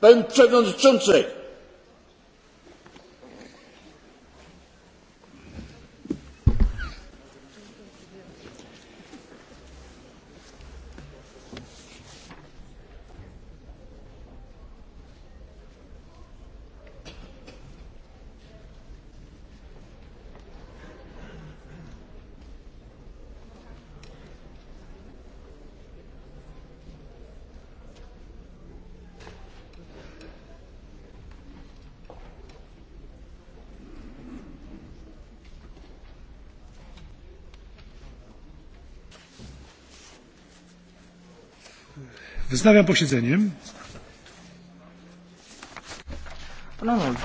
pan przewodniczący! wznawiam posiedzenie. No, no,